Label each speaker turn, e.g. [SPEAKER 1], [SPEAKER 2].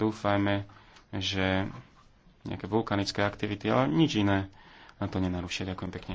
[SPEAKER 1] dúfajme, že nejaké vulkanické aktivity, ale nič iné na to nenarušia. Ďakujem pekne.